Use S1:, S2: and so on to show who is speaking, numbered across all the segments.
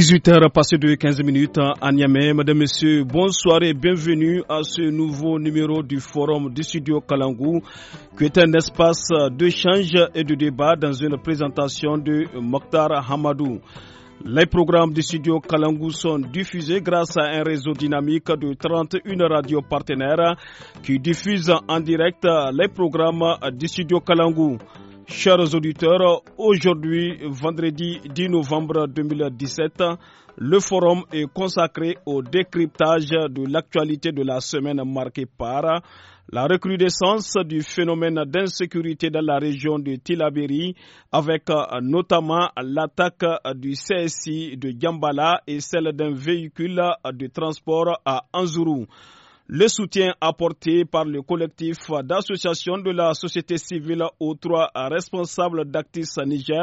S1: 18h passé de 15 minutes à Niamey. Mesdames, Messieurs, bonsoir et bienvenue à ce nouveau numéro du Forum du Studio Kalangou, qui est un espace d'échange et de débat dans une présentation de Mokhtar Hamadou. Les programmes du studio Kalangou sont diffusés grâce à un réseau dynamique de 31 radios partenaires qui diffusent en direct les programmes du studio Kalangou. Chers auditeurs, aujourd'hui, vendredi 10 novembre 2017, le forum est consacré au décryptage de l'actualité de la semaine marquée par la recrudescence du phénomène d'insécurité dans la région de Tilaberi, avec euh, notamment l'attaque du CSI de Gambala et celle d'un véhicule de transport à Anzourou. Le soutien apporté par le collectif d'associations de la société civile aux trois responsables d'Actis Niger,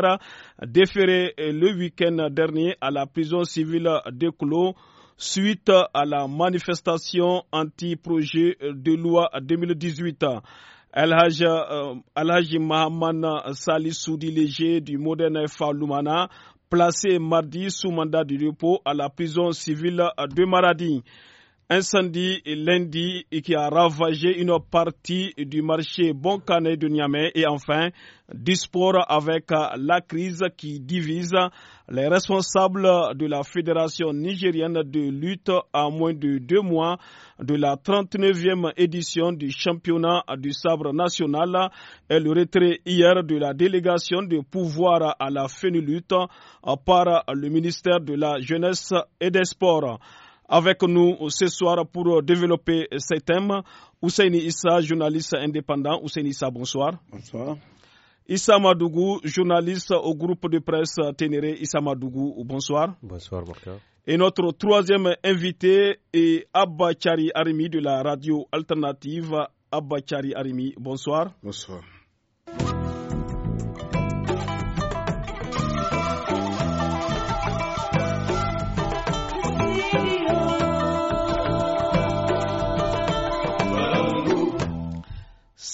S1: déféré le week-end dernier à la prison civile de Kolo, suite à la manifestation anti-projet de loi 2018. Alhaji euh, Mahaman Salih du Modern Falumana, placé mardi sous mandat de dépôt à la prison civile de Maradi. Incendie lundi qui a ravagé une partie du marché canet de Niamey et enfin du sport avec la crise qui divise les responsables de la Fédération nigérienne de lutte à moins de deux mois de la 39e édition du championnat du sabre national et le retrait hier de la délégation de pouvoir à la lutte par le ministère de la Jeunesse et des Sports avec nous ce soir pour développer ces thèmes. Ousseini Issa, journaliste indépendant. Ousseini Issa, bonsoir. Bonsoir. Issa Madougou, journaliste au groupe de presse Ténéré. Issa Madougou, bonsoir.
S2: Bonsoir, Marca.
S1: Et notre troisième invité est Abba Chari Arimi de la radio alternative. Abba Chari Arimi, bonsoir. Bonsoir.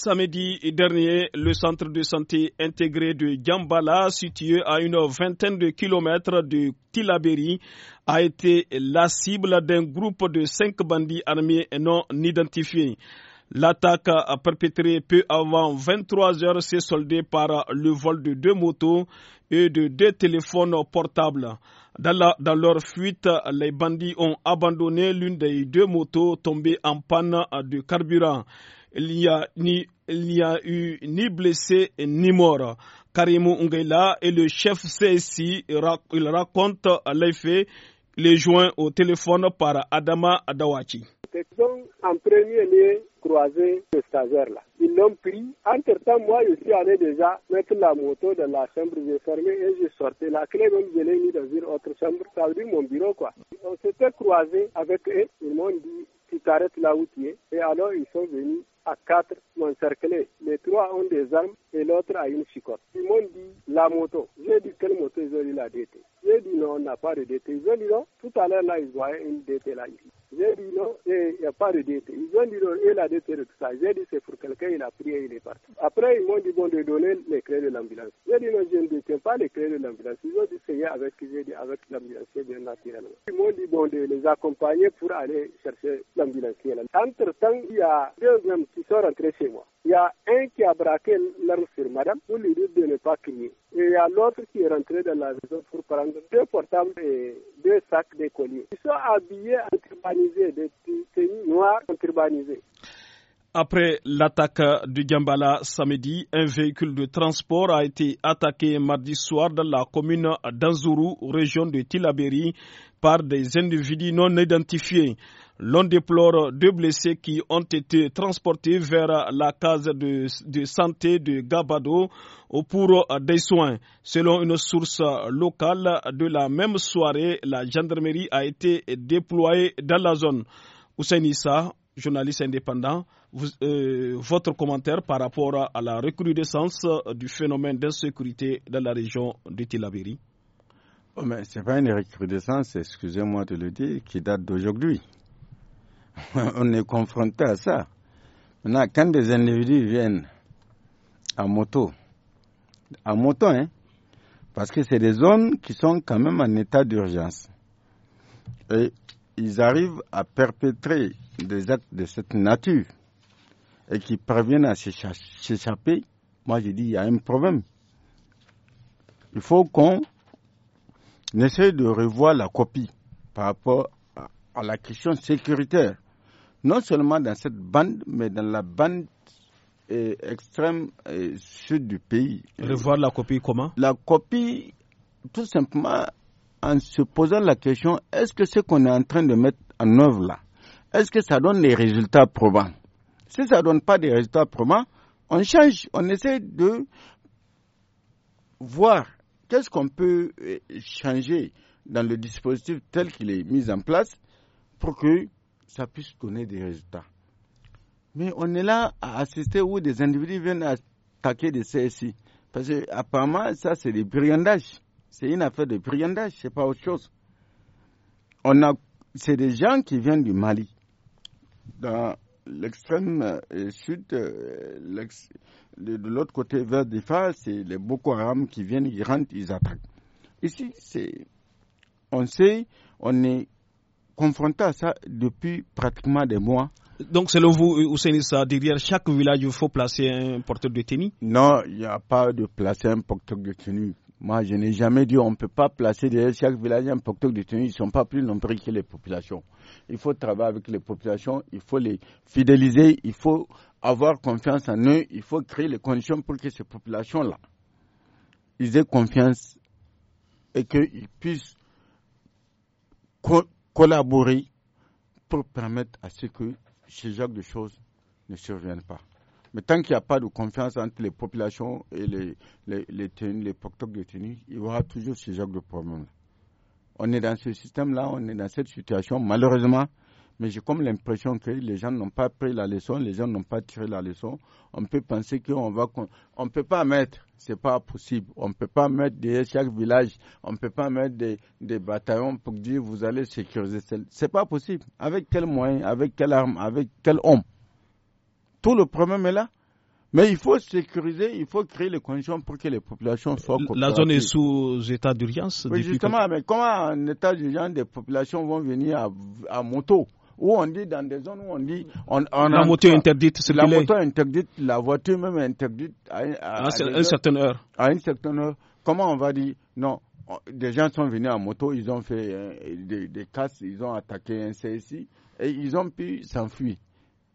S1: Samedi dernier, le centre de santé intégré de Djambala, situé à une vingtaine de kilomètres de Tilaberi, a été la cible d'un groupe de cinq bandits armés non identifiés. L'attaque a perpétrée peu avant 23 heures s'est soldée par le vol de deux motos et de deux téléphones portables. Dans, dans leur fuite, les bandits ont abandonné l'une des deux motos tombées en panne de carburant il n'y a, il n'y a eu ni blessé ni mort. Karimou Ongela est le chef CSI. Il raconte les faits, les joints au téléphone par Adama Adawachi.
S3: Ils ont en premier lieu croisé ce stagiaire-là. Ils l'ont pris. Entre-temps, moi, je suis allé déjà mettre la moto dans la chambre. J'ai fermé et j'ai sorti. La clé, même, je l'ai mis dans une autre chambre. Ça a vu mon bureau, quoi. On s'était croisé avec eux. Ils m'ont dit, tu t'arrêtes là où tu es. Et alors, ils sont venus à quatre m'encercler. Les trois ont des armes et l'autre a une chicote. Ils m'ont dit la moto. J'ai dit quelle moto ils ont la DT. J'ai dit non, on n'a pas de DT. Ils ont dit non, tout à l'heure là, ils voyaient une DT là ici. J'ai dit non, il n'y a pas de DT. Ils ont dit non, et a DT de tout ça. J'ai dit c'est pour quelqu'un, il a prié, il est parti. Après, ils m'ont dit bon, de donner les clés de l'ambulance. J'ai dit non, je ne détiens pas les clés de l'ambulance. Ils ont dit c'est avec avec l'ambulancier, bien naturellement. Ils m'ont dit bon, de les accompagner pour aller chercher l'ambulancier. Entre temps, il y a deux hommes qui sont rentrés chez moi. Il y a un qui a braqué l'arme sur madame pour lui dire de ne pas crier. Et il y a l'autre qui est rentré dans la maison pour prendre deux portables et deux sacs de Ils sont habillés en turbanisé, des tenues noires en turbanisé.
S1: Après l'attaque du Gambala samedi, un véhicule de transport a été attaqué mardi soir dans la commune d'Anzuru, région de Tilaberi, par des individus non identifiés. L'on déplore deux blessés qui ont été transportés vers la case de, santé de Gabado pour des soins. Selon une source locale, de la même soirée, la gendarmerie a été déployée dans la zone. Hussein Issa, journaliste indépendant, euh, votre commentaire par rapport à la recrudescence du phénomène d'insécurité dans la région de Tilaberi oh, Ce
S4: n'est pas une recrudescence, excusez-moi de le dire, qui date d'aujourd'hui. on est confronté à ça. Maintenant, quand des individus viennent à moto, à moto, hein, parce que c'est des zones qui sont quand même en état d'urgence. Et ils arrivent à perpétrer des actes de cette nature et qui parviennent à s'échapper, moi je dis, il y a un problème. Il faut qu'on essaye de revoir la copie par rapport à la question sécuritaire non seulement dans cette bande, mais dans la bande euh, extrême euh, sud du pays. Revoir la copie comment La copie, tout simplement, en se posant la question, est-ce que ce qu'on est en train de mettre en œuvre là, est-ce que ça donne des résultats probants Si ça ne donne pas des résultats probants, on change, on essaie de voir qu'est-ce qu'on peut euh, changer dans le dispositif tel qu'il est mis en place pour que ça puisse donner des résultats. Mais on est là à assister où des individus viennent attaquer des CSI. Parce que apparemment, ça, c'est des brigandages. C'est une affaire de brigandage, c'est pas autre chose. On a, c'est des gens qui viennent du Mali. Dans l'extrême euh, sud, euh, de l'autre côté vers Difa, c'est les Boko Haram qui viennent, ils rentrent, ils attaquent. Ici, c'est,
S1: on sait, on est confronté à ça depuis pratiquement des mois. Donc, selon vous, ça derrière chaque village, il faut placer un porteur de tenue Non, il n'y a
S4: pas de placer un porteur de tenue. Moi, je n'ai jamais dit on ne peut pas placer
S1: derrière chaque village un
S4: porteur de tenue. Ils ne sont pas plus nombreux que les populations. Il faut travailler avec les populations, il faut les fidéliser, il faut avoir confiance en eux, il faut créer les conditions pour que ces populations-là, aient confiance et qu'ils puissent collaborer pour permettre à ce que ce genre de choses ne surviennent pas. Mais tant qu'il n'y a pas de confiance entre les populations et les, les, les tenues, il y aura toujours ce genre de problème. On est dans ce système-là, on est dans cette situation. Malheureusement, mais j'ai comme l'impression que les gens n'ont pas pris la leçon, les gens n'ont pas tiré la leçon. On peut penser qu'on va, on ne peut pas mettre, ce n'est pas possible. On ne peut pas mettre derrière chaque village, on ne peut pas mettre des, bataillons pour dire vous allez sécuriser. celle-là. Ce n'est pas possible. Avec quel moyen, avec quelle arme, avec quel homme? Tout le problème est là. Mais il faut sécuriser, il faut créer les conditions pour que les
S1: populations soient La zone est sous état d'urgence. Oui, justement,
S4: mais comment en état d'urgence des populations vont venir à, à moto où on dit dans des zones où on dit on, la moto interdite la moto interdite la voiture même interdite à, une certaine heure à une certaine heure comment on va dire non des gens sont venus en moto ils ont fait euh, des, des, casses ils ont attaqué un CSI et ils ont pu s'enfuir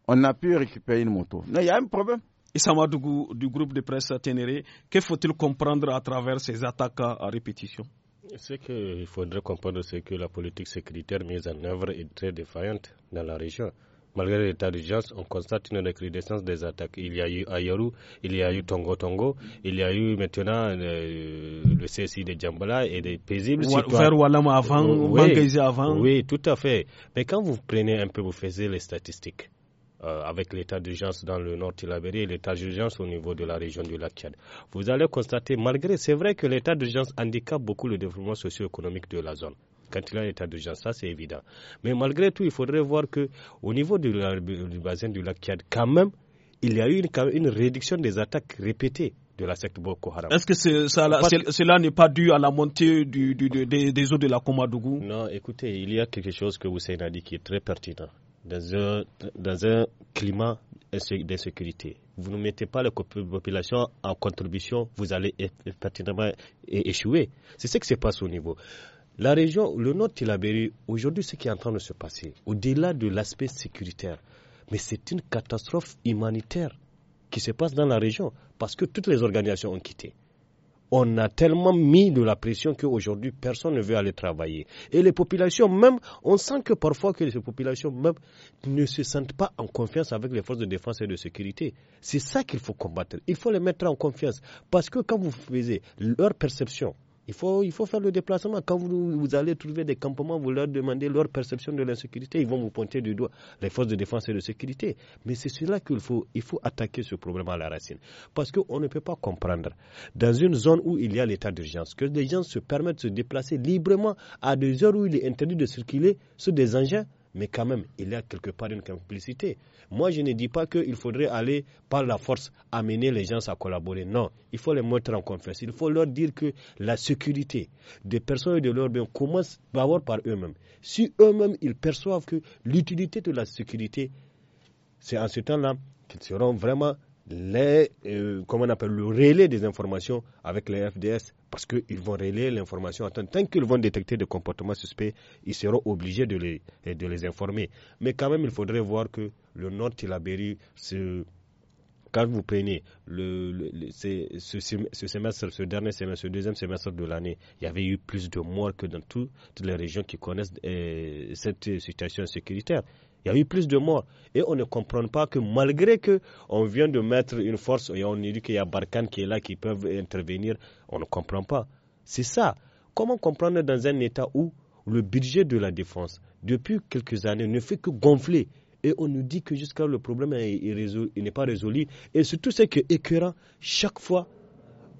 S1: on a pu récupérer une moto il y a un problème ça, du, du groupe de presse Ténéré, que faut-il comprendre à travers ces attaques à répétition
S2: ce qu'il faudrait comprendre, c'est que la politique sécuritaire mise en œuvre est très défaillante dans la région. Malgré l'état d'urgence, on constate une recrudescence des attaques. Il y a eu Ayoru, il y a eu Tongo Tongo, il y a eu maintenant euh, le CSI de Djambala et des paisibles avant,
S1: oui,
S2: Oui, tout à fait. Mais quand vous prenez un peu, vous faites les statistiques. Euh, avec l'état d'urgence dans le nord Tilabéry et l'état d'urgence au niveau de la région du lac Tchad. Vous allez constater, malgré, c'est vrai que l'état d'urgence handicape beaucoup le développement socio-économique de la zone. Quand il y a l'état d'urgence, ça c'est évident. Mais malgré tout, il faudrait voir que au niveau du, basin bassin du lac Tchad, quand même, il y a eu une, réduction des attaques répétées
S1: de la secte Boko Haram. Est-ce que cela n'est pas dû à la montée des, eaux de la Comadougou Non, écoutez, il y a quelque chose que vous avez dit qui est très pertinent dans un,
S2: climat d'insécurité. Vous ne mettez pas la population en contribution, vous allez pertinemment échouer. C'est ce qui se passe au niveau. La région, le nord Tilabéry, aujourd'hui, ce qui est en train de se passer, au-delà de l'aspect sécuritaire, mais c'est une catastrophe humanitaire qui se passe dans la région parce que toutes les organisations ont quitté on a tellement mis de la pression qu'aujourd'hui, personne ne veut aller travailler. Et les populations même, on sent que parfois que les populations même ne se sentent pas en confiance avec les forces de défense et de sécurité. C'est ça qu'il faut combattre. Il faut les mettre en confiance. Parce que quand vous faisiez leur perception, il faut, faire le déplacement. Quand vous, allez trouver des campements, vous leur demandez leur perception de l'insécurité, ils vont vous pointer du doigt les forces de défense et de sécurité. Mais c'est cela qu'il faut, faut attaquer ce problème à la racine. Parce qu'on ne peut pas comprendre, dans une zone où il y a l'état d'urgence, que des gens se permettent de se déplacer librement à des heures où il est interdit de circuler sur des engins mais quand même, il y a quelque part une complicité. Moi, je ne dis pas qu'il faudrait aller par la force amener les gens à collaborer. Non, il faut les mettre en confiance. Il faut leur dire que la sécurité des personnes et de leurs biens commence par eux-mêmes. Si eux-mêmes, ils perçoivent que l'utilité de la sécurité, c'est en ce temps-là qu'ils seront vraiment les, euh, comment on appelle, le relais des informations avec les FDS parce qu'ils vont relayer l'information. Tant qu'ils vont détecter des comportements suspects, ils seront obligés euh, de les, informer. Mais quand même, il faudrait voir que le Nord Tilaberi quand vous prenez le, ce, ce, semestre, ce dernier semestre, ce deuxième semestre de l'année, il y avait eu plus de morts que dans toutes les régions qui connaissent euh, cette situation sécuritaire. Il y a eu plus de morts. Et on ne comprend pas que malgré qu'on vient de mettre une force et on dit qu'il y a Barkhane qui est là, qui peuvent intervenir, on ne comprend pas. C'est ça. Comment comprendre dans un État où le budget de la défense, depuis quelques années, ne fait que gonfler et on nous dit que jusqu'à le problème n'est pas résolu. Et surtout, c'est que écœurant, chaque fois,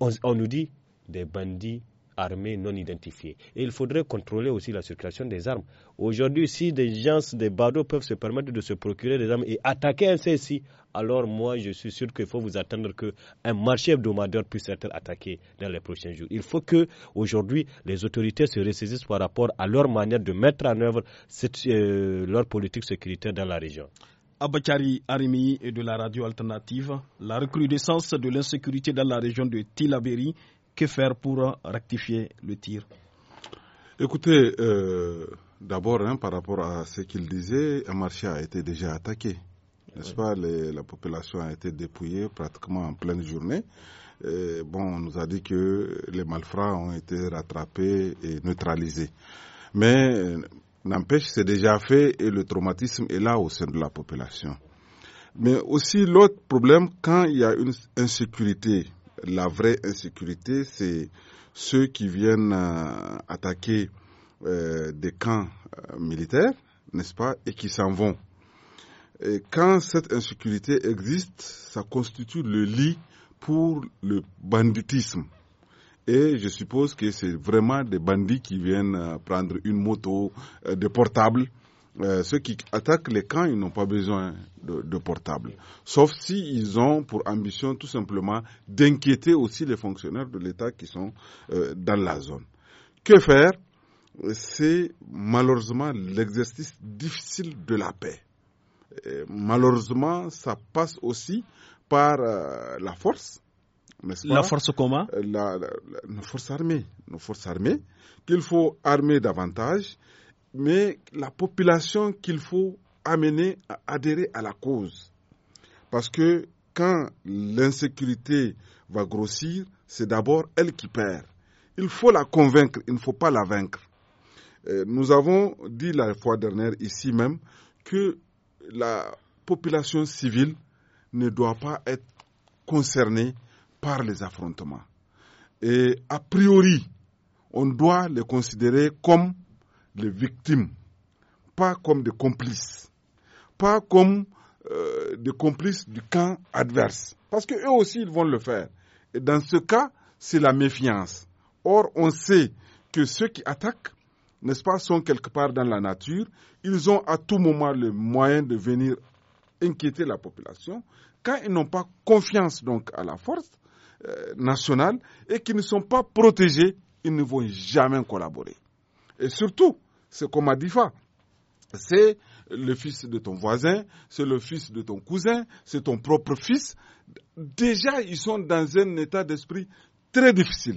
S2: on nous dit des bandits armée non identifiée. Et il faudrait contrôler aussi la circulation des armes. Aujourd'hui, si des gens, des badauds peuvent se permettre de se procurer des armes et attaquer un ceci, alors moi je suis sûr qu'il faut vous attendre qu'un marché hebdomadaire puisse être attaqué dans les prochains jours. Il faut que aujourd'hui les autorités se ressaisissent par rapport à leur manière de mettre en œuvre euh, leur politique sécuritaire dans la région.
S1: Abachari Arimi de la radio alternative, la recrudescence de l'insécurité dans la région de Tilaberi que faire pour rectifier le tir Écoutez,
S5: euh, d'abord, hein, par rapport à ce qu'il disait, Amarchia a été déjà attaqué. N'est-ce pas La population a été dépouillée pratiquement en pleine journée. bon, on nous a dit que les malfrats ont été rattrapés et neutralisés. Mais n'empêche, c'est déjà fait et le traumatisme est là au sein de la population. Mais aussi l'autre problème, quand il y a une insécurité la vraie insécurité, c'est ceux qui viennent euh, attaquer euh, des camps euh, militaires, n'est-ce pas, et qui s'en vont. Et quand cette insécurité existe, ça constitue le lit pour le banditisme. Et je suppose que c'est vraiment des bandits qui viennent prendre une moto, des portables, euh, ceux qui attaquent les camps, ils n'ont pas besoin de, portables, Sauf s'ils ont pour ambition tout simplement d'inquiéter aussi les fonctionnaires de l'État qui sont euh, dans la zone. Que faire C'est malheureusement l'exercice difficile de la paix. malheureusement, ça passe aussi par euh, la force. La force comment la, Nos forces armées. Nos forces armées, qu'il faut armer davantage, mais la population qu'il faut amener à adhérer à la cause. Parce que quand l'insécurité va grossir, c'est d'abord elle qui perd. Il faut la convaincre, il ne faut pas la vaincre. Euh, nous avons dit la fois dernière ici même que la population civile ne doit pas être concernée par les affrontements. Et a priori, on doit les considérer comme les victimes, pas comme des complices, pas comme euh, des complices du camp adverse. Parce qu'eux aussi, ils vont le faire. Et dans ce cas, c'est la méfiance. Or, on sait que ceux qui attaquent, n'est-ce pas, sont quelque part dans la nature. Ils ont à tout moment le moyen de venir inquiéter la population. Quand ils n'ont pas confiance donc à la force euh, nationale et qu'ils ne sont pas protégés, ils ne vont jamais collaborer. Et surtout, c'est comme Adifa. C'est le fils de ton voisin, c'est le fils de ton cousin, c'est ton propre fils. Déjà, ils sont dans un état d'esprit très difficile.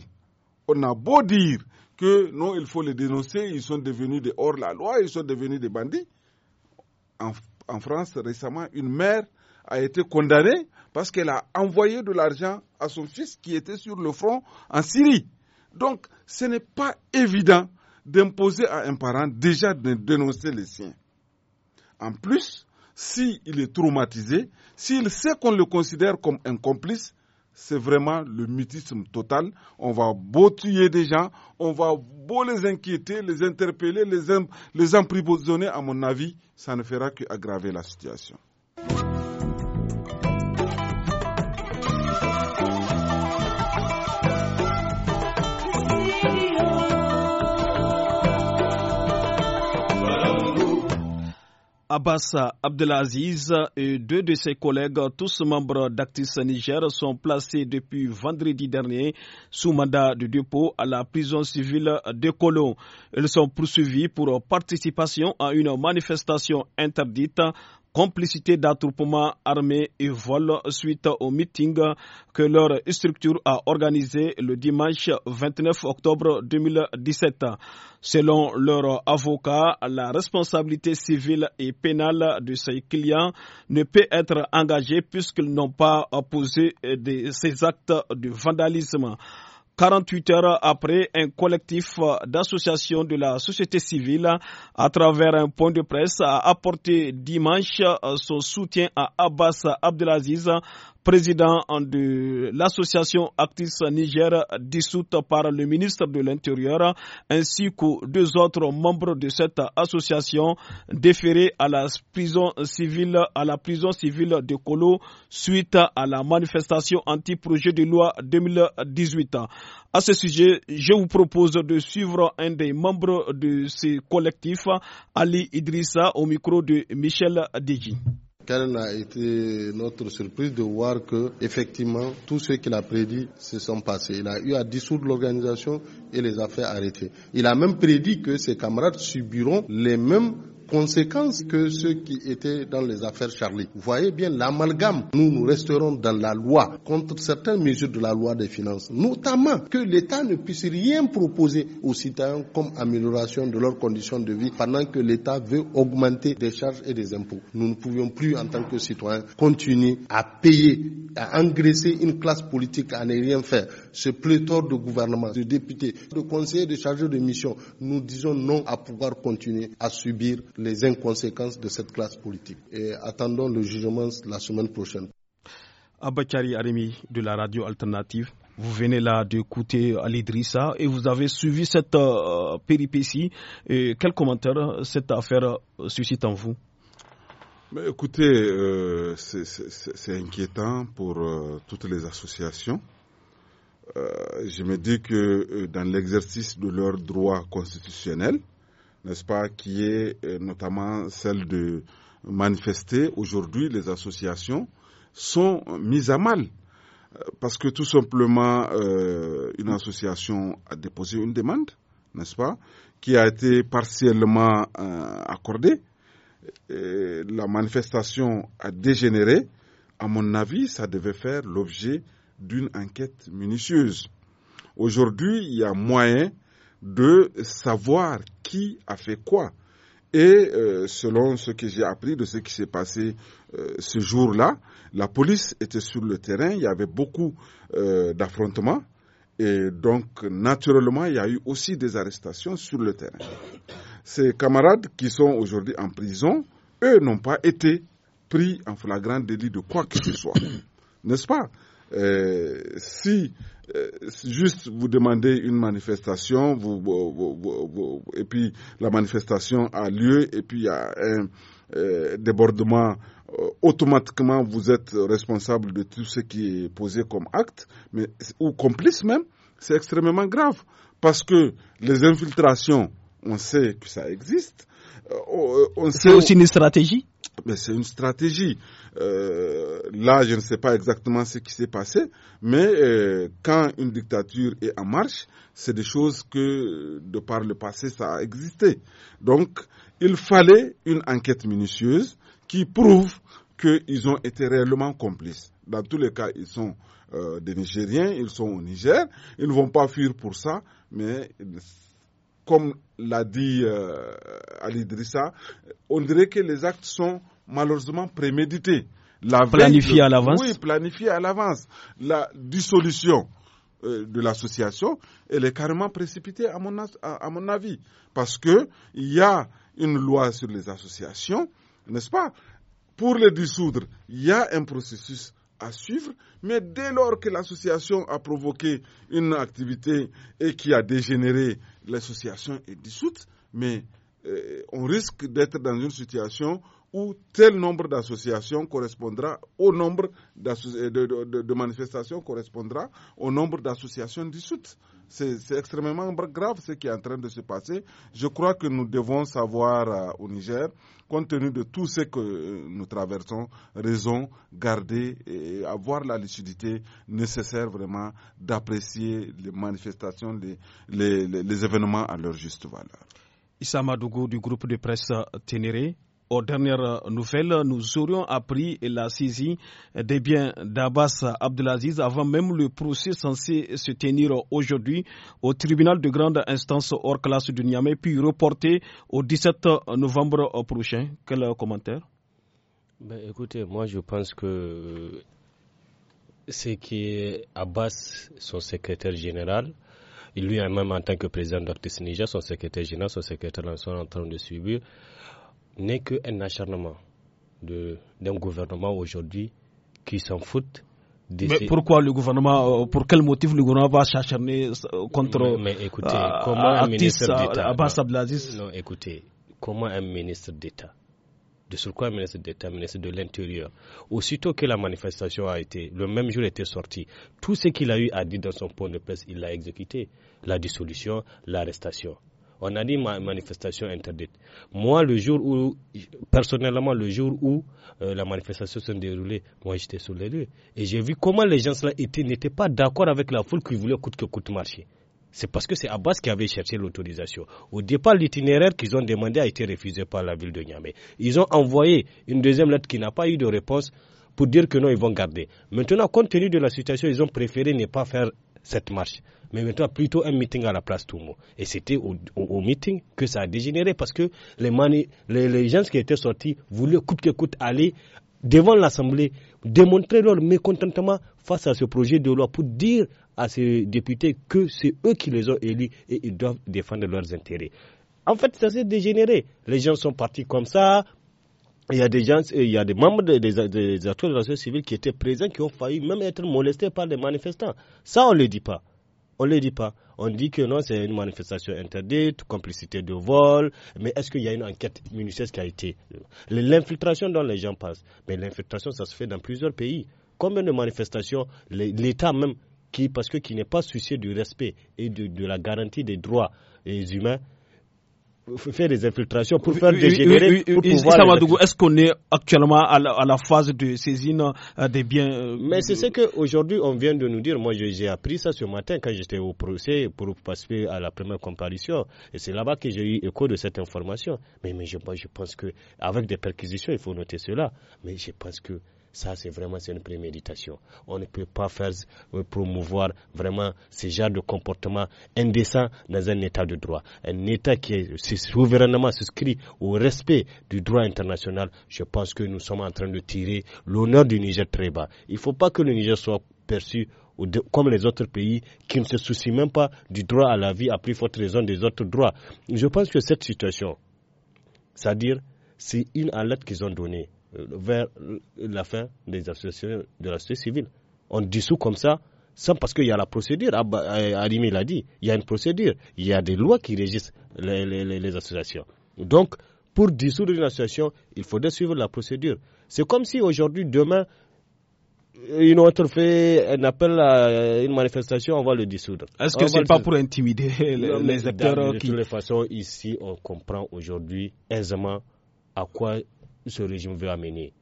S5: On a beau dire que non, il faut les dénoncer, ils sont devenus des hors-la-loi, ils sont devenus des bandits. en, France, récemment, une mère a été condamnée parce qu'elle a envoyé de l'argent à son fils qui était sur le front en Syrie. Donc, ce n'est pas évident d'imposer à un parent déjà de dénoncer les siens. En plus, s'il est traumatisé, s'il sait qu'on le considère comme un complice, c'est vraiment le mutisme total. On va beau tuer des gens, on va beau les inquiéter, les interpeller, les, les emprisonner. À mon avis, ça ne fera qu'aggraver la situation.
S1: Abbas Abdelaziz et deux de ses collègues, tous membres d'Actis Niger, sont placés depuis vendredi dernier sous mandat de dépôt à la prison civile de Colo. Ils sont poursuivis pour participation à une manifestation interdite complicité d'attroupements armés et vol suite au meeting que leur structure a organisé le dimanche 29 octobre 2017. Selon leur avocat, la responsabilité civile et pénale de ces clients ne peut être engagée puisqu'ils n'ont pas opposé ces actes de vandalisme. 48 heures après, un collectif d'associations de la société civile, à travers un point de presse, a apporté dimanche son soutien à Abbas Abdelaziz, président de l'association Actis Niger, dissoute par le ministre de l'Intérieur, ainsi que deux autres membres de cette association déférés à la prison civile, à la prison civile de Kolo suite à la manifestation anti-projet de loi 2018. À ce sujet, je vous propose de suivre un des membres de ce collectif, Ali Idrissa, au micro de Michel Deji. Quelle a été notre surprise de voir que, effectivement, tout ce qu'il a prédit se sont passés.
S4: Il a eu à dissoudre l'organisation et les a fait arrêter. Il a même prédit que ses camarades subiront les mêmes conséquence que ceux qui étaient dans les affaires Charlie. Vous voyez
S5: bien l'amalgame. Nous, nous resterons dans la loi contre certaines mesures de la loi des finances,
S4: notamment que l'État ne puisse rien proposer aux citoyens comme amélioration de leurs conditions de vie pendant que l'État veut augmenter des charges et des impôts. Nous ne pouvions plus, en tant que citoyens, continuer à payer, à engraisser une classe politique, à ne rien faire. Ce pléthore de gouvernements, de députés, de conseillers, de chargés de mission, nous disons non à pouvoir continuer à subir les inconséquences de cette classe politique. Et attendons le jugement
S3: la semaine prochaine.
S1: Abakari Arimi de la radio alternative. Vous venez là d'écouter Alidrissa et vous avez suivi cette euh, péripétie. quel commentaire cette affaire euh, suscite en vous
S5: Écoutez, euh, c'est inquiétant pour toutes les associations. je me dis que dans l'exercice de leurs droits constitutionnels, n'est-ce pas, qui est euh, notamment celle de manifester. Aujourd'hui, les associations sont mises à mal euh, parce que tout simplement, euh, une association a déposé une demande, n'est-ce pas, qui a été partiellement accordée. la manifestation a dégénéré. À mon avis, ça devait faire l'objet d'une enquête minutieuse. Aujourd'hui, il y a moyen de savoir qui a fait quoi. Et euh, selon ce que j'ai appris de ce qui s'est passé euh, ce jour-là, la police était sur le terrain, il y avait beaucoup euh, d'affrontements. Et donc, naturellement, il y a eu aussi des arrestations sur le terrain. Ces camarades qui sont aujourd'hui en prison, eux n'ont pas été pris en flagrant délit de quoi que ce soit. N'est-ce pas euh, si euh, juste vous demandez une manifestation, vous, et puis la manifestation a lieu, et puis il y a un euh, débordement, automatiquement vous êtes responsable de tout ce qui est posé comme acte, mais, ou complice même, c'est extrêmement grave. Parce que les infiltrations, on sait que ça existe. on sait c'est aussi une stratégie mais c'est une stratégie. Euh, là, je ne sais pas exactement ce qui s'est passé, mais euh, quand une dictature est en marche, c'est des choses que, de par le passé, ça a existé. Donc, il fallait une enquête minutieuse qui prouve qu'ils ont été réellement complices. Dans tous les cas, ils sont euh, des Nigériens, ils sont au Niger, ils ne vont pas fuir pour ça, mais comme l'a dit euh, Ali Drissa, on dirait que les actes sont malheureusement prémédités. La planifié à l'avance Oui, planifié à l'avance. La dissolution euh, de l'association, elle est carrément précipitée à mon, mon avis. Parce que il y a une loi sur les associations, n'est-ce pas Pour les dissoudre, il y a un processus suivre, mais dès lors que l'association a provoqué une activité et qui a dégénéré, l'association est dissoute, mais euh, on risque d'être dans une situation où tel nombre d'associations correspondra au nombre de, de, manifestations correspondra au nombre d'associations dissoutes. C'est extrêmement grave ce qui est en train de se passer. Je crois que nous devons savoir euh, au Niger, compte tenu de tout ce que euh, nous traversons, raison, garder et avoir la lucidité nécessaire vraiment d'apprécier les manifestations, les, événements à leur juste valeur.
S1: Issa Madougou du groupe de presse Ténéré. Dernière nouvelle, nous aurions appris la saisie des biens d'Abbas Abdelaziz avant même le procès censé se tenir aujourd'hui au tribunal de grande instance hors classe du Niamey, puis reporté au 17 novembre prochain. Quel commentaire
S2: ben, Écoutez, moi je pense que euh, c'est qu'Abbas, Abbas, son secrétaire général, lui-même en tant que président d'Ortis Niger, son secrétaire général, son secrétaire sont en train de subir, n'est qu'un acharnement d'un gouvernement aujourd'hui qui s'en fout.
S1: mais pourquoi le gouvernement, euh, pour quel motif le gouvernement va s'acharner contre mais, mais écoutez, euh, comment un ministre euh, d'État Abbas
S2: non, écoutez, comment un ministre d'État de ministre d'État, ministre de l'Intérieur. Aussitôt que la manifestation a été, le même jour était sorti, tout ce qu'il a eu à dire dans son point de presse, il l'a exécuté. La dissolution, l'arrestation. On a dit manifestation interdite. Moi, le jour où, personnellement, le jour où euh, la manifestation s'est déroulée, moi j'étais sur les lieux. Et j'ai vu comment les gens n'étaient pas d'accord avec la foule qui voulait coûte que coûte marcher. C'est parce que c'est Abbas qui avait cherché l'autorisation. Au départ, l'itinéraire qu'ils ont demandé a été refusé par la ville de Niamey. Ils ont envoyé une deuxième lettre qui n'a pas eu de réponse pour dire que non, ils vont garder. Maintenant, compte tenu de la situation, ils ont préféré ne pas faire cette marche. Mais maintenant, plutôt un meeting à la place Toumo. Et c'était au, meeting que ça a dégénéré parce que les, les gens qui étaient sortis voulaient coûte que coûte aller devant l'Assemblée, démontrer leur mécontentement face à ce projet de loi pour dire à ces députés que c'est eux qui les ont élus et ils doivent défendre leurs intérêts. En fait, ça s'est dégénéré. Les gens sont partis comme ça il y a des gens, euh, il y a des membres des, acteurs de la société civile qui étaient présents, qui ont failli même être molestés par des manifestants. Ça, on ne le dit pas. On ne le dit pas. On dit que non, c'est une manifestation interdite, complicité de vol, mais est-ce qu'il y a une enquête minutieuse qui a été euh, L'infiltration dont les gens passent, mais l'infiltration, ça se fait dans plusieurs pays. Combien de manifestations, l'État même, qui, parce qu'il qui n'est pas soucié du respect et de, de la garantie des droits euh, humains, faire des
S1: infiltrations pour faire dégénérer. est-ce qu'on est actuellement à la, phase de saisine euh, des biens euh, Mais
S2: c'est ce qu'aujourd'hui on vient de nous dire. Moi, j'ai appris ça ce matin quand j'étais au procès pour passer à la première comparution. Et c'est là-bas que j'ai eu écho de cette information. Mais, mais je, je pense que avec des perquisitions, il faut noter cela. Mais je pense que ça, c'est vraiment c'est une préméditation. On ne peut pas faire euh, promouvoir vraiment ce genre de comportement indécent dans un État de droit. Un État qui est souverainement souscrit au respect du droit international, je pense que nous sommes en train de tirer l'honneur du Niger très bas. Il ne faut pas que le Niger soit perçu comme les autres pays qui ne se soucient même pas du droit à la vie à plus forte raison des autres droits. Je pense que cette situation, c'est-à-dire, c'est une alerte qu'ils ont donnée euh, vers la fin des associations de la société civile. On dissout comme ça, sans parce qu'il y a la procédure. Euh, Arimi l'a dit, il y a une procédure, il y a des lois qui régissent les, les, associations. Donc, pour dissoudre une association, il faudrait suivre la procédure. C'est comme si aujourd'hui, demain, une autre fait un appel à une manifestation, on va le dissoudre. Est-ce que ce n'est pas pour intimider les, acteurs De qui... toutes les façons, ici, on comprend aujourd'hui aisément à quoi ce régime veut amener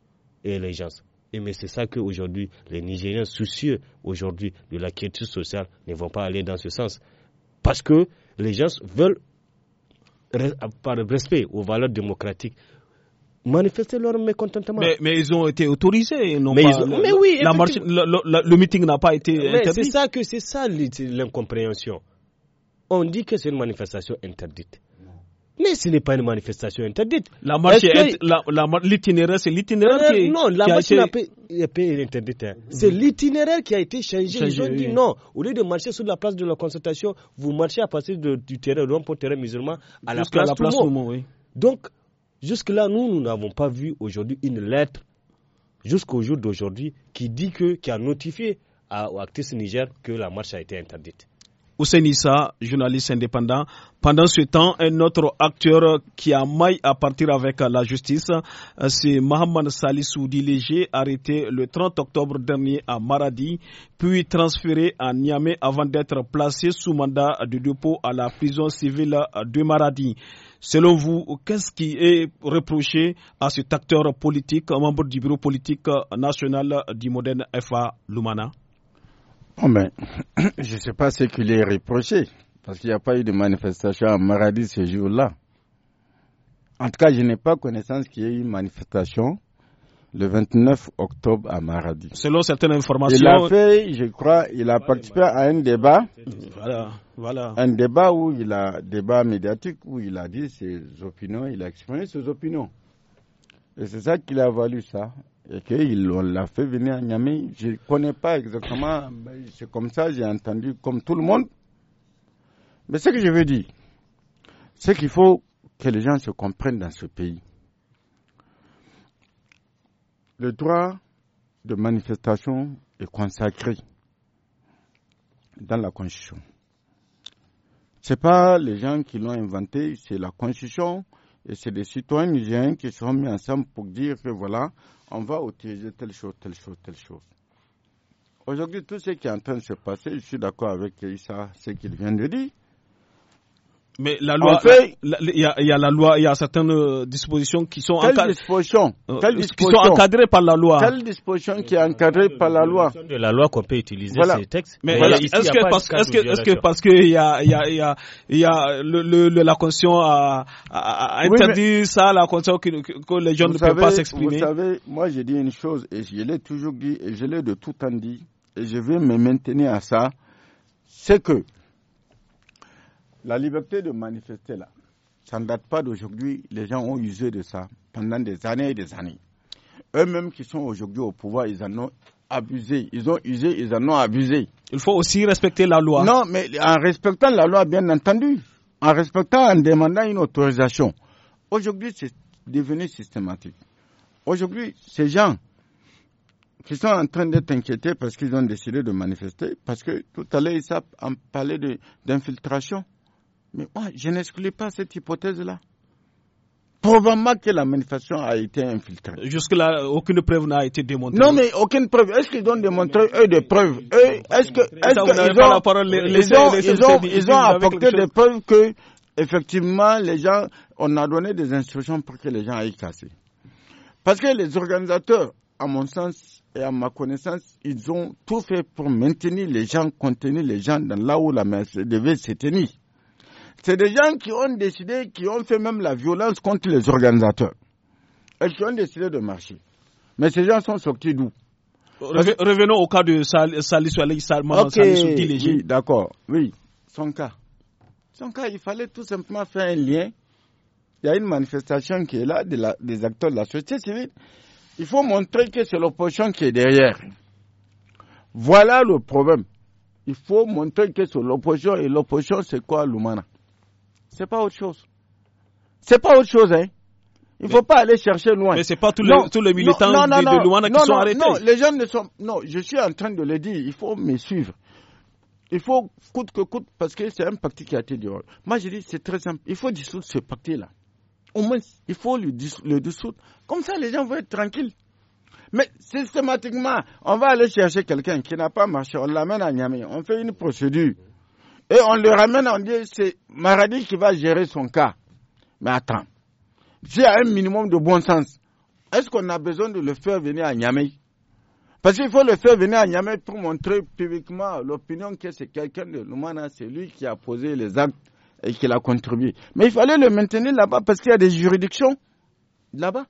S2: et les gens. Et mais c'est ça qu'aujourd'hui, les Nigériens soucieux aujourd'hui de la quiétude sociale ne vont pas aller dans ce sens. Parce que les gens veulent, par
S1: respect aux valeurs démocratiques,
S2: manifester leur mécontentement.
S1: Mais, ils ont été autorisés, non mais, oui, le, meeting n'a pas été interdit. c'est ça
S2: l'incompréhension. On dit que c'est une manifestation interdite. Mais ce n'est pas une manifestation interdite. La marche,
S1: l'itinéraire, c'est l'itinéraire euh, qui Non, la marche n'a pas
S2: été interdite. Hein. C'est l'itinéraire qui a été changé. Ils ont dit non. Au lieu de marcher sur la place de la concertation, vous marchez à partir du terrain rond pour terrain musulman à la place, Donc, jusque-là, nous, nous n'avons pas vu aujourd'hui une lettre, jusqu'au jour d'aujourd'hui, qui dit que, qui a notifié à, actrices Niger que la marche a été interdite.
S1: Ousenissa, journaliste indépendant. Pendant ce temps, un autre acteur qui a maille à partir avec la justice, euh, c'est Mohamed Salih Soudi Léger, arrêté le 30 octobre dernier à Maradi, puis transféré à Niamey avant d'être placé sous mandat de dépôt à la prison civile de Maradi. Selon vous, qu'est-ce qui est reproché à cet acteur politique, membre du bureau politique national du Modène FA Lumana
S4: Oh, mais je ne sais pas ce qu'il est reproché, parce qu'il n'y a pas eu de manifestation à Maradi ce jour-là. En tout cas, je n'ai pas connaissance qu'il y ait eu une manifestation le 29 octobre à Maradi.
S1: Selon certaines informations. Il a
S4: fait, je crois, il a participé à un débat.
S1: Voilà, voilà.
S4: Un débat où il a, débat médiatique où il a dit ses opinions, il a exprimé ses opinions. Et c'est ça qu'il a valu ça et qu'on l'a fait venir à Niamey. Je ne connais pas exactement, c'est comme ça, j'ai entendu comme tout le monde. Mais ce que je veux dire, c'est qu'il faut que les gens se comprennent dans ce pays. Le droit de manifestation est consacré dans la Constitution. Ce n'est pas les gens qui l'ont inventé, c'est la Constitution et c'est des citoyens qui se sont mis ensemble pour dire que voilà, on va utiliser telle chose, telle chose, telle chose. Aujourd'hui, tout ce qui est en train de se passer, je suis d'accord avec Issa, ce qu'il vient de dire, mais la loi, fait,
S1: il y, a la loi, il y a certaines euh, dispositions qui sont, encadrées,
S4: disposition,
S1: euh, qui sont encadrées par la loi. quelles dispositions qui sont encadrées par la loi De la loi qu'on peut utiliser voilà. ces textes. Mais est-ce que, parce, est que, est que parce que il y a, il y a, il y a, y a le, la Constitution a, interdit ça, la Constitution que, les gens ne peuvent pas s'exprimer. Vous
S4: savez, moi j'ai dit une chose et je l'ai toujours dit et je l'ai de tout temps dit et je vais me maintenir à ça, c'est que la liberté de manifester là, ça ne date pas d'aujourd'hui. Les gens ont usé de ça pendant des années et des années. Eux-mêmes qui sont aujourd'hui au pouvoir, ils en ont abusé. Ils ont usé, ils en ont abusé. Il faut aussi respecter la loi. Non, mais en respectant la loi, bien entendu. En respectant, en demandant une autorisation. Aujourd'hui, c'est devenu systématique. Aujourd'hui, ces gens qui sont en train d'être inquiétés parce qu'ils ont décidé de manifester, parce que tout à l'heure, ils ont parlé d'infiltration. Mais moi, ah, je n'exclus pas cette hypothèse-là. Probablement que la manifestation a été infiltrée. Jusque-là, aucune preuve n'a été démontrée. Non, mais aucune preuve. Est-ce qu'ils ont démontré, eux, des preuves est-ce que, est-ce ils ont apporté des preuves que, effectivement, les gens, on a donné des instructions pour que les gens aillent casser. Parce que les organisateurs, à mon sens et à ma connaissance, ils ont tout fait pour maintenir les gens, contenir les gens dans là où la messe devait se tenir. C'est des gens qui ont décidé, qui ont fait même la violence contre les organisateurs.
S1: Et qui ont décidé de marcher. Mais ces gens sont sortis d'où Revenons au cas de Salih Salis Oui,
S4: d'accord. Oui, son cas. Son cas, il fallait tout simplement faire un lien. Il y a une manifestation qui est là des acteurs de la société civile. Il faut montrer que c'est l'opposition qui est derrière. Voilà le problème. Il faut montrer que c'est l'opposition et l'opposition, c'est quoi l'Oumana c'est pas autre chose. C'est pas autre chose, hein. Il ne faut pas aller chercher loin. Mais ce n'est pas tous, les, militants de, de Luanda qui sont arrêtés. Non, les ne sont. Non, je suis en train de le dire. Il faut me suivre. Il faut coûte que coûte, parce que c'est un parti qui a été dehors. Moi, je dis, c'est très simple. Il faut dissoudre ce parti-là. Au moins, il faut le, le dissoudre. Comme ça, les gens vont être tranquilles. Mais systématiquement, on va aller chercher quelqu'un qui n'a pas marché. On l'amène à Niamey. On fait une procédure. Et on le ramène, on dit, c'est Maradi qui va gérer son cas. Mais attends, s'il y a un minimum de bon sens, est-ce qu'on a besoin de le faire venir à Niamey Parce qu'il faut le faire venir à Niamey pour montrer publiquement l'opinion que c'est quelqu'un de Lumana, c'est lui qui a posé les actes et qui l'a contribué. Mais il fallait le maintenir là-bas parce qu'il y a des
S1: juridictions là-bas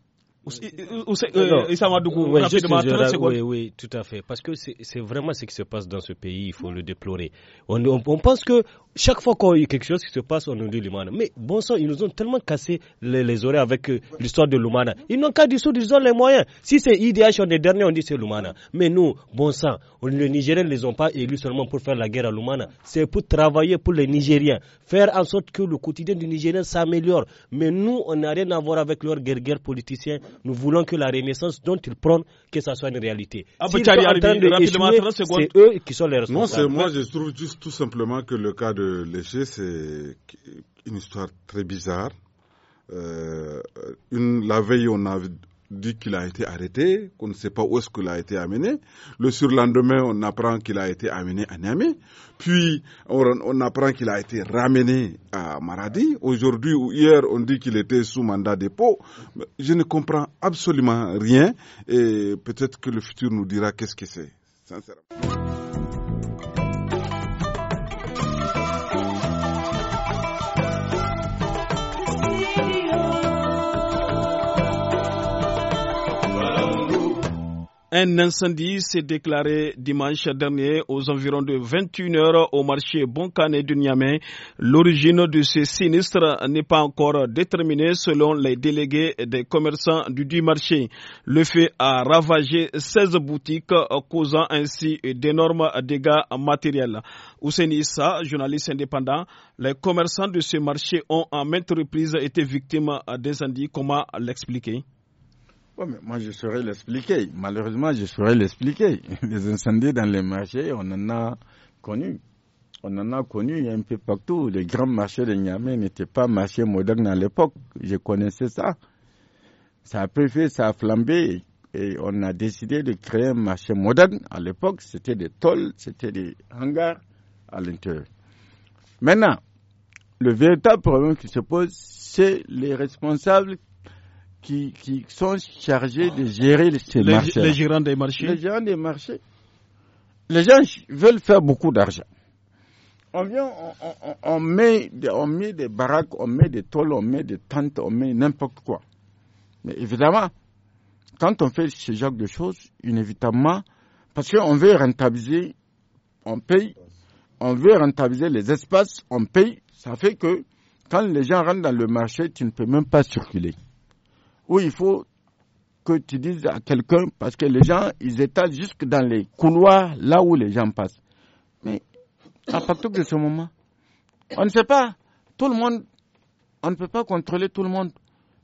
S1: oui, euh, euh,
S2: Oui, tout à fait. Parce que c'est vraiment ce qui se passe dans ce pays, il faut le déplorer. on pense que chaque fois qu'il y a quelque chose qui se passe, on nous dit Lumana. Mais bon sang, ils nous ont tellement cassé les, oreilles avec euh, l'histoire de Lumana. Ils n'ont qu'à dissoudre, ils ont les moyens. Si c'est IDH, on est dernier, on dit c'est Lumana. Mais nous, bon sang, les Nigériens ne les ont pas élus seulement pour faire la guerre à Lumana. C'est pour travailler pour les Nigériens, faire en sorte que le quotidien du Nigérien s'améliore. Mais nous, on n'a rien à voir avec leur guerre, guerre Nous voulons que la renaissance dont ils prônent, que ça soit une réalité. Ah, si c'est eux qui sont les responsables.
S5: moi, je trouve juste tout simplement que le cas de de Léger, c'est une histoire très bizarre. Euh, la veille, on a dit qu'il a été arrêté, qu'on ne sait pas où est-ce qu'il a été amené. Le surlendemain, on apprend qu'il a été amené à Niamey. Puis, on, apprend qu'il a été ramené à Maradi. Aujourd'hui ou hier, on dit qu'il était sous mandat dépôt. Je ne comprends absolument rien et peut-être que le futur nous dira qu'est-ce que c'est,
S1: Un incendie s'est déclaré dimanche dernier aux environs de 21h au marché Boncané de Niamey. L'origine de ce sinistre n'est pas encore déterminée selon les délégués des commerçants du, marché. Le fait a ravagé 16 boutiques causant ainsi d'énormes dégâts matériels. Ouseni Issa, journaliste indépendant, les commerçants de ce marché ont en maintes reprises été victimes d'incendies. Comment l'expliquer?
S4: moi, je saurais l'expliquer. Malheureusement, je saurais l'expliquer. Les incendies dans les marchés, on en a connu. On en a connu un peu partout. Les grands marchés de Niamey n'étaient pas marchés modernes à l'époque. Je connaissais ça. Ça a faire ça a flambé. Et on a décidé de créer un marché moderne. À l'époque, c'était des tôles, c'était des hangars à l'intérieur. Maintenant, le véritable problème qui se pose, c'est les responsables qui, sont chargés de gérer ces les, marchés. Les gérants des marchés. Les des marchés. Les gens veulent faire beaucoup d'argent. On vient, met, on met des baraques, on met des tôles, on met des tentes, on met n'importe quoi. Mais évidemment, quand on fait ce genre de choses, inévitablement, parce qu'on veut rentabiliser, on paye, on veut rentabiliser les espaces, on paye, ça fait que quand les gens rentrent dans le marché, tu ne peux même pas circuler où il faut que tu dises à quelqu'un, parce que les gens, ils étalent jusque dans les couloirs, là où les gens passent. Mais à partir de ce moment, on ne sait pas. Tout le monde, on ne peut pas contrôler tout le monde.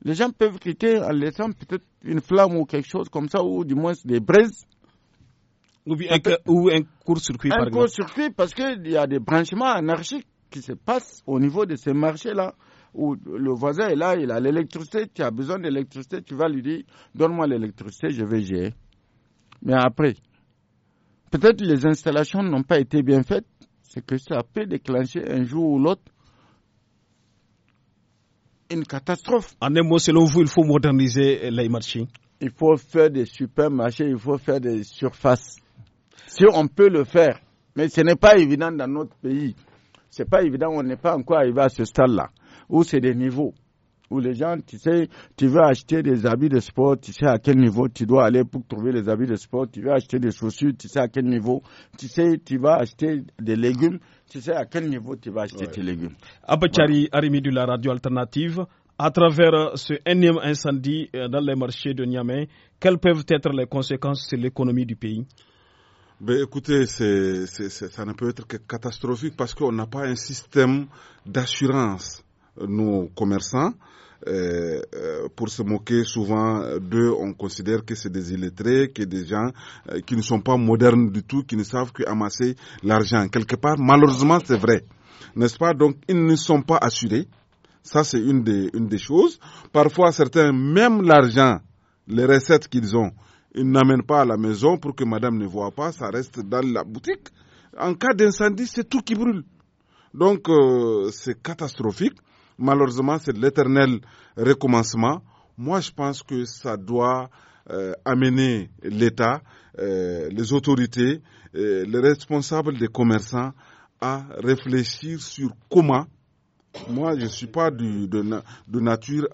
S4: Les gens peuvent quitter en laissant peut-être une flamme ou quelque chose comme ça, ou du moins des braises. Ou, un, court-circuit, par exemple. Un court-circuit, parce qu'il y a des branchements anarchiques qui se passent au niveau de ces marchés-là où le voisin est là, il a l'électricité, tu as besoin d'électricité, tu vas lui dire, donne-moi l'électricité, je vais gérer. Mais après, peut-être les installations n'ont pas été bien faites, c'est que ça peut déclencher un jour ou l'autre une catastrophe. En un mot, selon vous, il faut moderniser les marchés Il faut faire des supermarchés, il faut faire des surfaces. Si on peut le faire, mais ce n'est pas évident dans notre pays. Ce n'est pas évident, on n'est pas encore arrivé à ce stade-là où c'est des niveaux. Où les gens, tu sais, tu veux acheter des habits de sport, tu sais à quel niveau tu dois aller pour trouver les habits de sport, tu veux acheter des chaussures, tu sais à quel niveau, tu sais, tu vas acheter des légumes, tu sais à
S1: quel niveau tu vas acheter tes légumes. Abachari Arimi la radio alternative, à travers ce énième incendie euh, dans les marchés de Niamey, quelles peuvent être les conséquences sur l'économie du pays
S5: ben, écoutez, ça ne peut être que catastrophique parce qu'on n'a pas un système d'assurance nos commerçants. Euh, euh, pour se moquer souvent d'eux, on considère que c'est des illettrés, que des gens euh, qui ne sont pas modernes du tout, qui ne savent qu'amasser l'argent. Quelque part, malheureusement, c'est vrai. N'est-ce pas Donc, ils ne sont pas assurés. Ça, c'est une des, une des choses. Parfois, certains, même l'argent, les recettes qu'ils ont, ils n'amènent pas à la maison pour que madame ne voit pas, ça reste dans la boutique. En cas d'incendie, c'est tout qui brûle. Donc, c'est catastrophique malheureusement, c'est l'éternel recommencement. Moi, je pense que ça doit euh, amener l'État, euh, les autorités, euh, les responsables des commerçants à réfléchir sur comment. Moi, je ne suis pas de, nature,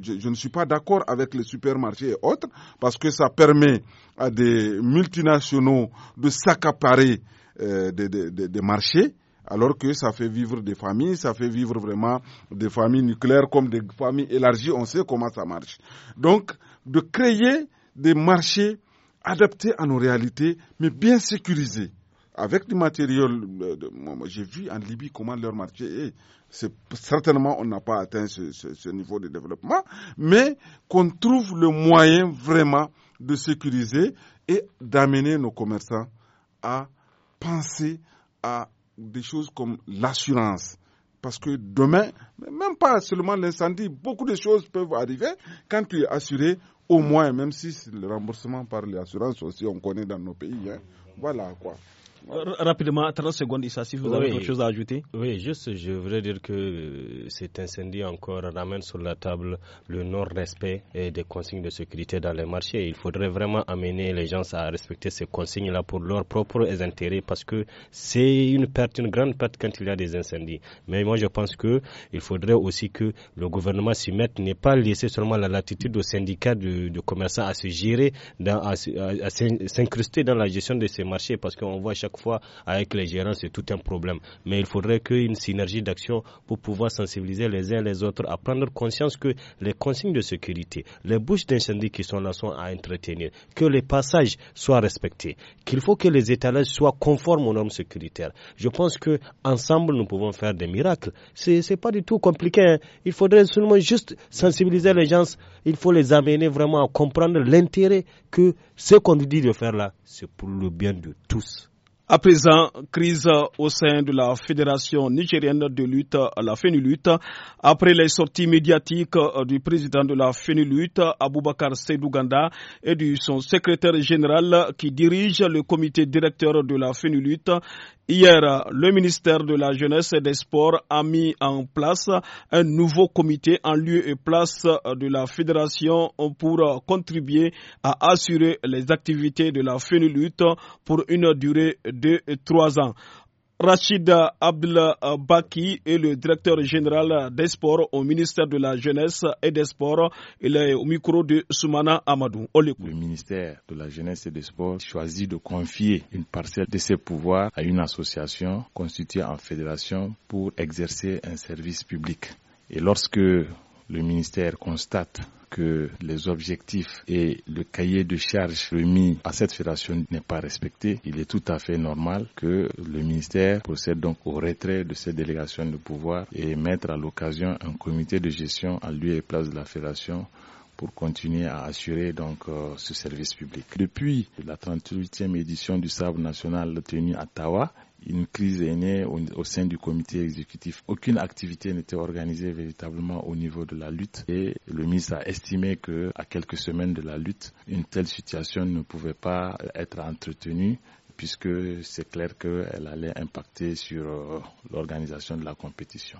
S5: je, ne suis pas d'accord avec les supermarchés et autres, parce que ça permet à des multinationaux de s'accaparer des marchés alors que ça fait vivre des familles, ça fait vivre vraiment des familles nucléaires comme des familles élargies, on sait comment ça marche. Donc, de créer des marchés adaptés à nos réalités, mais bien sécurisés. Avec du matériel, euh, j'ai vu en Libye comment leur marché est. certainement, on n'a pas atteint ce niveau de développement, mais qu'on trouve le moyen vraiment de sécuriser et d'amener nos commerçants à penser à des choses comme l'assurance. Parce que demain, même pas seulement l'incendie, beaucoup de choses peuvent arriver quand tu es assuré, au moins, même si le remboursement par l'assurance aussi, on connaît dans nos pays. Hein. Voilà quoi.
S1: Rapidement, 30 secondes, Issa, si
S2: vous avez quelque chose à ajouter. Oui, juste, je voudrais dire que euh, cet incendie encore ramène sur la table le non-respect des consignes de sécurité dans les marchés. Il faudrait vraiment amener les gens à respecter ces consignes-là pour leurs propres intérêts parce que c'est une perte, une grande perte quand il y a des incendies. Mais moi, je pense qu'il faudrait aussi que le gouvernement s'y mette, n'est pas laisser seulement la latitude aux syndicats de, commerçants à se gérer, dans, à, à s'incruster dans la gestion de ces marchés parce qu'on voit chaque fois avec les gérants, c'est tout un problème. Mais il faudrait une synergie d'action pour pouvoir sensibiliser les uns les autres à prendre conscience que les consignes de sécurité, les bouches d'incendie qui sont là sont à entretenir, que les passages soient respectés, qu'il faut que les étalages soient conformes aux normes sécuritaires. Je pense que ensemble nous pouvons faire des miracles. C'est c'est pas du tout compliqué. Hein. Il faudrait seulement juste sensibiliser les gens. Il faut les amener vraiment à comprendre l'intérêt que ce qu'on nous dit de faire là, c'est pour le bien de tous.
S1: À présent, crise au sein de la Fédération nigérienne de lutte, à la FENULUT. Après les sorties médiatiques euh, du président de la FENULUT, Aboubakar Sedouganda, et de son secrétaire général qui dirige le comité directeur de la FENULUT, Hier, le ministère de la Jeunesse et des Sports a mis en place un nouveau comité en lieu et place de la fédération pour contribuer à assurer les activités de la FENULUT pour une durée de trois ans. Rachid Abdel Baki est le directeur général des sports au ministère de la Jeunesse et des Sports. Il est au micro de Soumana Amadou. le
S6: ministère de la Jeunesse et des Sports choisit de confier une parcelle de ses pouvoirs à une association constituée en fédération pour exercer un service public. Et lorsque le ministère constate que les objectifs et le cahier de charges remis à cette fédération n'est pas respecté, il est tout à fait normal que le ministère procède donc au retrait de cette délégation de pouvoir et mettre à l'occasion un comité de gestion à lieu et place de la fédération pour continuer à assurer donc euh, ce service public. Depuis la 38e édition du Sabre national tenue à Tawa, une crise est née au, sein du comité exécutif. Aucune activité n'était organisée véritablement au niveau de la lutte et le ministre a estimé que à quelques semaines de la lutte, une telle situation ne pouvait pas être entretenue puisque c'est clair qu'elle allait impacter sur euh, l'organisation de la compétition.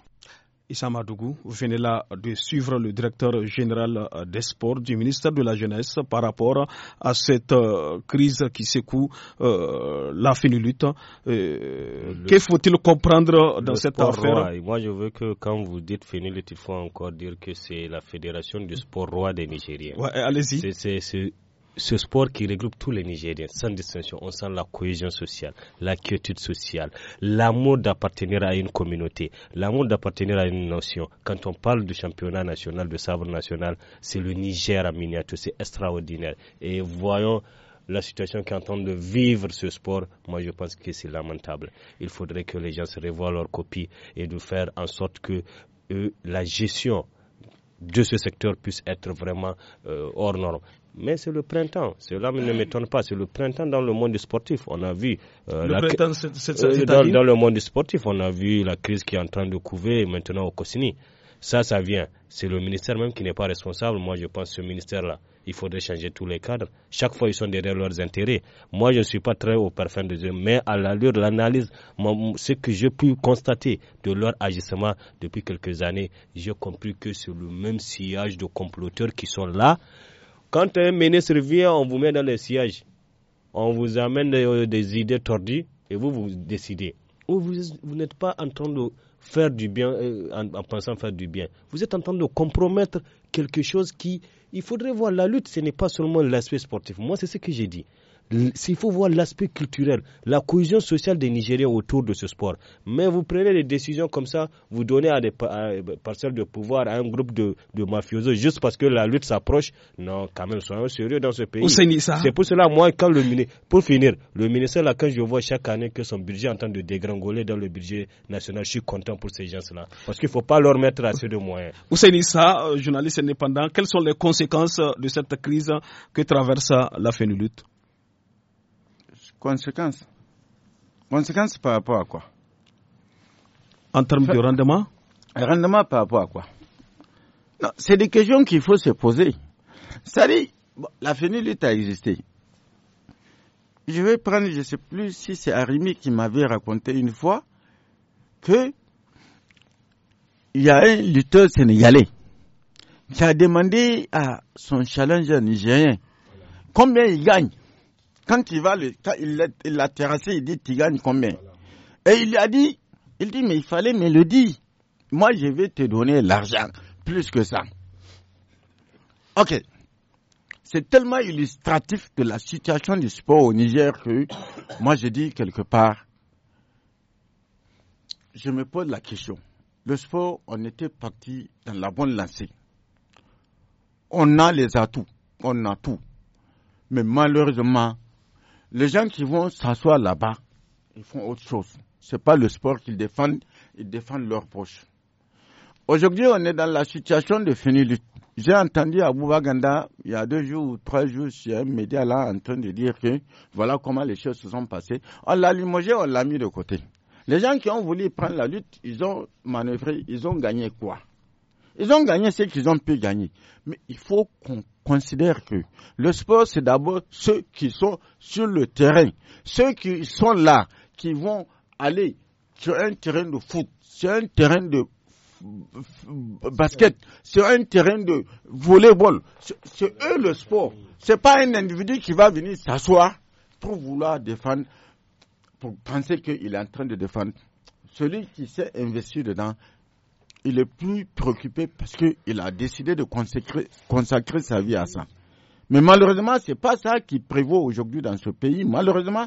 S1: Issa vous
S6: venez là de suivre
S1: le directeur général euh, des sports du ministère de la Jeunesse par rapport à cette euh, crise qui secoue euh, la la Qu'est-ce que faut-il comprendre dans cette affaire
S2: Moi, je veux que quand vous dites finulite, il faut encore dire que c'est la Fédération du sport roi des Nigériens. allez-y. C'est ce sport qui regroupe tous les Nigériens, sans distinction, on sent la cohésion sociale, la quiétude sociale, l'amour d'appartenir à une communauté, l'amour d'appartenir à une nation. Quand on parle du championnat national, de sabre national, c'est le Niger à miniature, c'est extraordinaire. Et voyons la situation qu'est en train de vivre ce sport, moi je pense que c'est lamentable. Il faudrait que les gens se revoient leur copie et de faire en sorte que euh, la gestion de ce secteur puisse être vraiment euh, hors norme mais c'est le printemps. Cela ne m'étonne pas. C'est le printemps dans le monde sportif. On a vu euh, printemps,
S1: euh, dans, le
S2: monde sportif, on a vu la crise qui est en train de couver maintenant au Cossini. Ça, ça vient. C'est le ministère même qui n'est pas responsable. Moi, je pense que ce ministère-là, il faudrait changer tous les cadres. Chaque fois, ils sont derrière leurs intérêts. Moi, je ne suis pas très au parfum de eux. mais à l'allure de l'analyse, ce que j'ai pu constater de leur agissement depuis quelques années, j'ai compris que c'est le même sillage de comploteurs qui sont là. Quand un ministre vient, on vous met dans le siège. On vous amène euh, des, idées tordues et vous, vous décidez. vous, n'êtes pas en train de faire du bien euh, en, en, pensant faire du bien. Vous êtes en train de compromettre quelque chose qui... Il faudrait voir la lutte, ce n'est pas seulement l'aspect sportif. Moi, c'est ce que j'ai dit. S'il faut voir l'aspect culturel, la cohésion sociale des Nigériens autour de ce sport. Mais vous prenez des décisions comme ça, vous donnez à des parcelles de pouvoir à un groupe de, mafiosos juste parce que la lutte s'approche. Non, quand même, soyons sérieux dans ce pays. C'est pour cela, moi, quand le ministre, pour finir, le ministre là, quand je vois chaque année que son budget est en train de dégringoler dans le budget national, je suis content pour ces gens-là. Parce qu'il ne faut pas leur mettre assez de moyens.
S1: savez euh, ça, journaliste indépendant, quelles sont les conséquences euh, de cette crise que traverse euh, la fin lutte? Conséquence. Conséquences par rapport à quoi
S4: En termes de rendement Rendement par rapport à quoi C'est des questions qu'il faut se poser. Ça dit, dire la lutte a existé. Je vais prendre, je ne sais plus si c'est Arimi qui m'avait raconté une fois que il y a un lutteur sénégalais qui a demandé à son challenger nigérien combien il gagne quand il va, quand il l'a terrassé, il dit tu gagnes combien Et il a dit, il dit, mais il fallait me le dire. Moi, je vais te donner l'argent, plus que ça. Ok. C'est tellement illustratif de la situation du sport au Niger que moi, je dis quelque part, je me pose la question. Le sport, on était parti dans la bonne lancée. On a les atouts, on a tout. Mais malheureusement, les gens qui vont s'asseoir là-bas, ils font autre chose. Ce n'est pas le sport qu'ils défendent, ils défendent leurs proches. Aujourd'hui, on est dans la situation de finir lutte. J'ai entendu à Boubaganda, il y a deux jours ou trois jours, sur un média là en train de dire que voilà comment les choses se sont passées. On l'a limogé, on l'a mis de côté. Les gens qui ont voulu prendre la lutte, ils ont manœuvré, ils ont gagné quoi ils ont gagné ce qu'ils ont pu gagner. Mais il faut qu'on considère que le sport, c'est d'abord ceux qui sont sur le terrain, ceux qui sont là, qui vont aller sur un terrain de foot, sur un terrain de basket, sur un terrain de volleyball. C'est eux le sport. C'est pas un individu qui va venir s'asseoir pour vouloir défendre, pour penser qu'il est en train de défendre. Celui qui s'est investi dedans, il est plus préoccupé parce qu'il a décidé de consacrer, sa vie à ça. Mais malheureusement, ce n'est pas ça qui prévaut aujourd'hui dans ce pays. Malheureusement,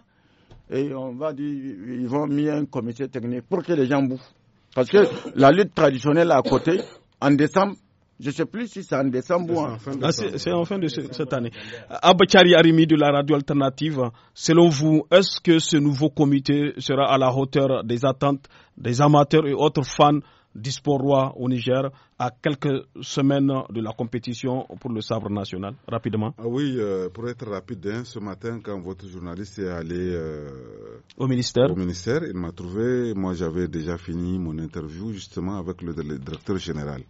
S4: et on va dire, ils vont mettre un comité technique pour que les gens bouffent. Parce que la lutte traditionnelle à côté, en décembre, je ne sais plus
S1: si c'est en décembre ou en fin de C'est en fin de cette année. Abachari Arimi de la radio alternative, selon vous, est-ce que ce nouveau comité sera à la hauteur des attentes des amateurs et autres fans dispo roi au Niger à quelques semaines de la compétition pour le sabre national Rapidement.
S5: Ah oui, euh, pour être rapide, hein, ce matin, quand votre journaliste est allé euh,
S1: au, ministère. il m'a trouvé, moi
S5: j'avais déjà fini mon interview justement avec le, directeur général.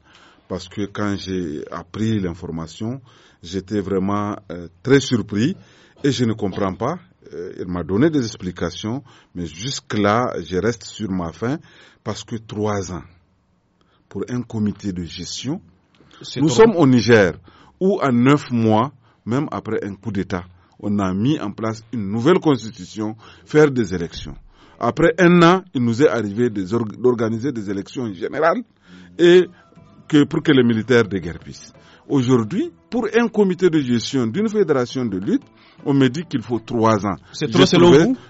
S5: Parce que quand j'ai appris l'information, j'étais vraiment euh, très surpris et je ne comprends pas il m'a donné des explications, mais jusque-là, je reste sur ma faim parce que trois ans, pour un comité de gestion. Nous sommes au Niger où en neuf mois, même après un coup d'État, on a mis en place une nouvelle constitution, faire des élections. Après un an, il nous est arrivé d'organiser des, élections générales et que pour que les militaires déguerpissent. Aujourd'hui, pour un comité de gestion d'une fédération de lutte, on me dit qu'il faut trois ans. C'est trop c'est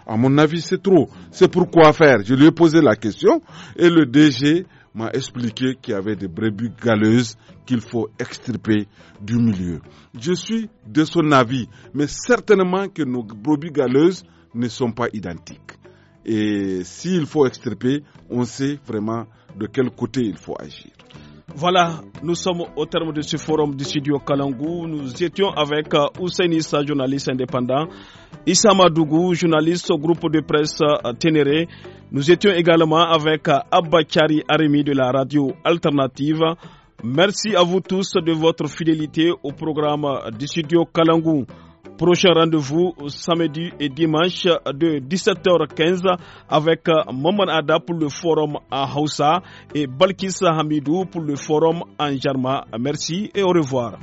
S5: À mon avis, c'est trop. C'est pour quoi faire Je lui ai posé la question et le DG m'a expliqué qu'il y avait des brebis galeuses qu'il faut extirper du milieu. Je suis de son avis, mais certainement que nos brebis galeuses ne sont pas identiques. Et s'il faut extirper, on sait vraiment de quel côté il faut agir.
S1: Voilà, nous sommes au terme de ce forum du studio Kalangou. Nous étions avec euh, Hussein journaliste indépendant, Issa Madougou, journaliste au groupe de presse euh, Ténéré. Nous étions également avec euh, Abba Chari Arimi de la radio alternative. Merci à vous tous de votre fidélité au programme du studio Kalangou. Prochain rendez-vous samedi et dimanche de 17h15 avec Maman Ada pour le forum à Hausa et Balkis Hamidou pour le forum en Jarma. Merci et au revoir.